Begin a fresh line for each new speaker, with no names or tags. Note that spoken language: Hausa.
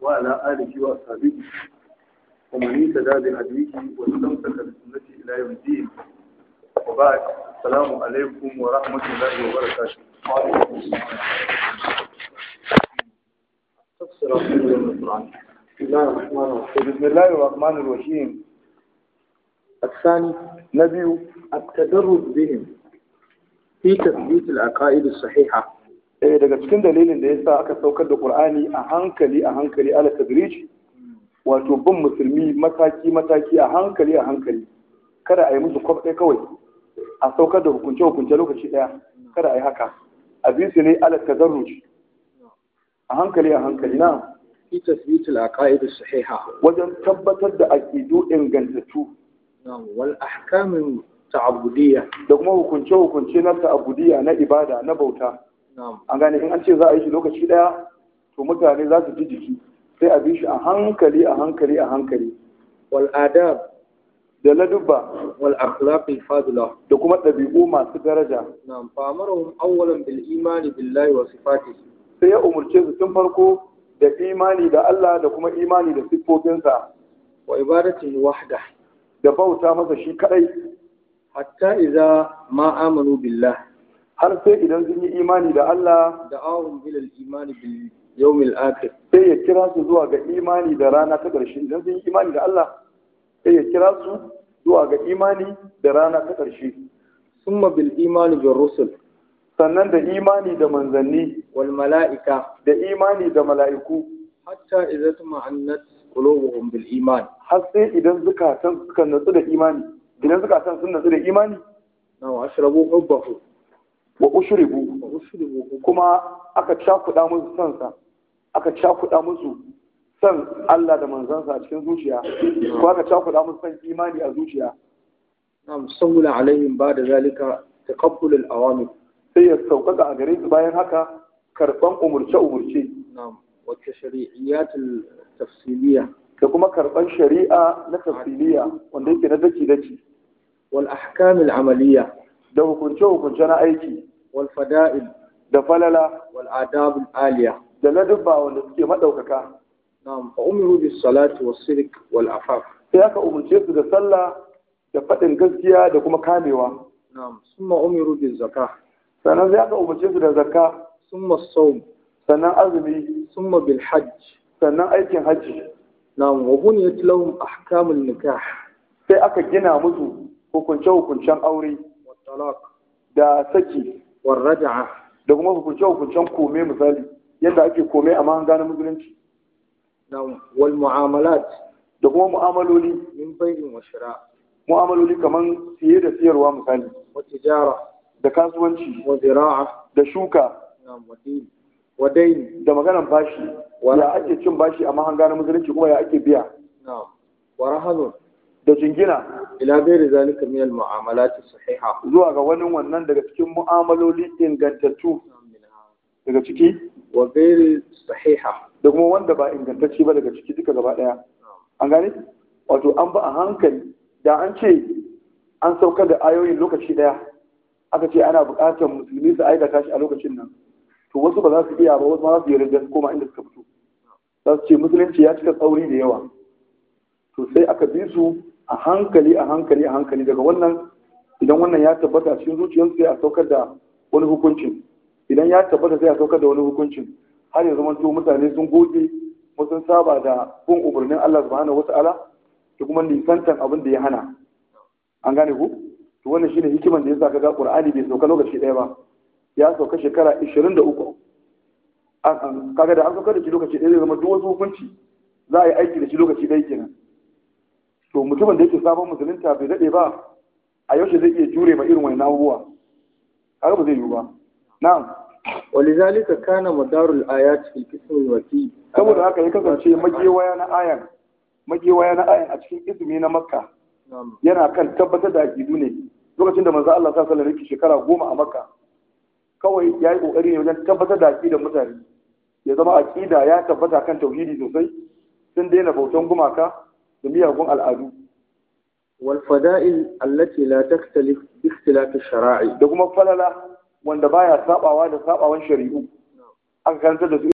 وعلى آله وأصحابه ومن اهتدى بهديه واستمسك بسنته إلى يوم الدين وبعد السلام عليكم ورحمة الله وبركاته بسم الله الرحمن الرحيم الثاني نبي التدرج بهم في تثبيت العقائد الصحيحة eh daga cikin dalilin da ya sa aka saukar da ƙur'ani a hankali a hankali ala tadrij wato bin musulmi mataki mataki a hankali a hankali kada a yi musu kwaf ɗaya kawai a saukar da hukunce hukunce lokaci ɗaya kada a yi haka a bi su ne ala tadarruj a hankali a hankali na fi tasbit al aqaid as sahiha wajen tabbatar da aqidu ingantattu wal ahkam ta'abudiyya da kuma hukunce hukunce na ta'abudiyya na ibada na bauta an gane in an ce za a yi shi lokaci daya to mutane za su ji jiki sai a bi shi a hankali a hankali a hankali wal da ladubba wal akhlaq al fadila da kuma dabi'u masu daraja na'am fa amarahum awwalan bil imani billahi wa sifatihi sai ya umurce su tun farko da imani da Allah da kuma imani da siffofinsa wa ibadatin wahda da bauta masa shi kadai hatta idza ma amanu billah har sai idan sun yi imani da Allah da awon ilal imani bil yawmil akhir sai ya kira su zuwa ga imani da rana ta ƙarshe idan sun yi imani da Allah sai ya kira su zuwa ga imani da rana ta ƙarshe summa bil imani bil rusul sannan da imani da manzanni wal mala'ika da imani da mala'iku hatta idza tumannat qulubuhum bil iman har sai idan zukatan suka natsu da imani idan zukatan sun natsu da imani na wa ashrabu hubbahu wa ushribu kuma aka cakuɗa musu sansa aka cakuɗa musu san Allah da manzansa a cikin zuciya ko aka cakuɗa musu san imani a zuciya na'am sawla alaihim ba da zalika taqabbul al-awamir sai ya sauƙaƙa a gare su bayan haka karɓan umurce umurce na'am wa tashri'iyat al-tafsiliyya da kuma karɓan shari'a na tafsiliya wanda yake na daki daki wal ahkam al-amaliyya da hukunce-hukunce na aiki wal da falala wal aliya da ladabba wanda suke maɗaukaka. Na fa umiru bis salati was sidq wal afaf sai aka umurce su da sallah da faɗin gaskiya da kuma kamewa na'am summa umiru biz zakah sannan sai aka umurce su da zakka summa sawm sannan azumi summa bil hajj sannan aikin hajji na'am wa buniyat lahum ahkamul nikah sai aka gina musu hukunce-hukuncen aure da saki war raja'a da kuma hukunce hukuncen kome misali yadda ake kome a mahanga na musulunci na wal mu'amalat da kuma mu'amaloli min bai'in wa shira mu'amaloli kaman siye da siyarwa misali wa tijara da kasuwanci wa zira'a da shuka na'am wa wadai da maganan bashi ya ake cin bashi a mahanga na musulunci kuma ya ake biya na wa da jingina ila gairi zalika min al-mu'amalat sahiha zuwa ga wani wannan daga cikin mu'amaloli ingantattu daga ciki wa gairi sahiha da kuma wanda ba ingantacce ba daga ciki duka gaba daya an gane wato an ba a hankali da an ce an saukar da ayoyin lokaci daya aka ce ana buƙatar musulmi su aikata shi a lokacin nan to wasu ba za su iya ba wasu ma za su yarda su koma inda suka fito za su ce musulunci ya cika tsauri da yawa to sai aka bi su a hankali a hankali a hankali daga wannan idan wannan ya tabbata cikin zuciyar sai a saukar da wani hukuncin idan ya tabbata sai a saukar da wani hukuncin har ya zama to mutane sun goge sun saba da bin umarnin Allah subhanahu wata'ala da kuma nisantan abin da ya hana an gane ku to wannan shine hikiman da yasa kaga Qur'ani bai sauka lokaci ɗaya ba ya sauka shekara 23 kaga da an sauka da shi lokaci ɗaya zai zama duk wasu hukunci za a yi aiki da shi lokaci daya kenan to mutumin da yake sabon musulunta bai daɗe ba a yaushe zai iya jure ba irin wani abubuwa haka ba zai yiwu ba na'am walizalika kana madarul aya cikin kisan wasi saboda haka ya kasance magewaya na ayan na ayan a cikin izumi na makka yana kan tabbatar da aqidu ne lokacin da manzo Allah sallallahu alaihi wasallam shekara goma a makka kawai yayi kokari ne wajen tabbatar da akidar mutane ya zama akida ya tabbata kan tauhidi sosai sun daina bautan gumaka da miyagun al'adu walfada'il fada'il allati la taktalif bi ikhtilaf shara'i da kuma falala wanda baya sabawa da sabawan shari'u an karanta da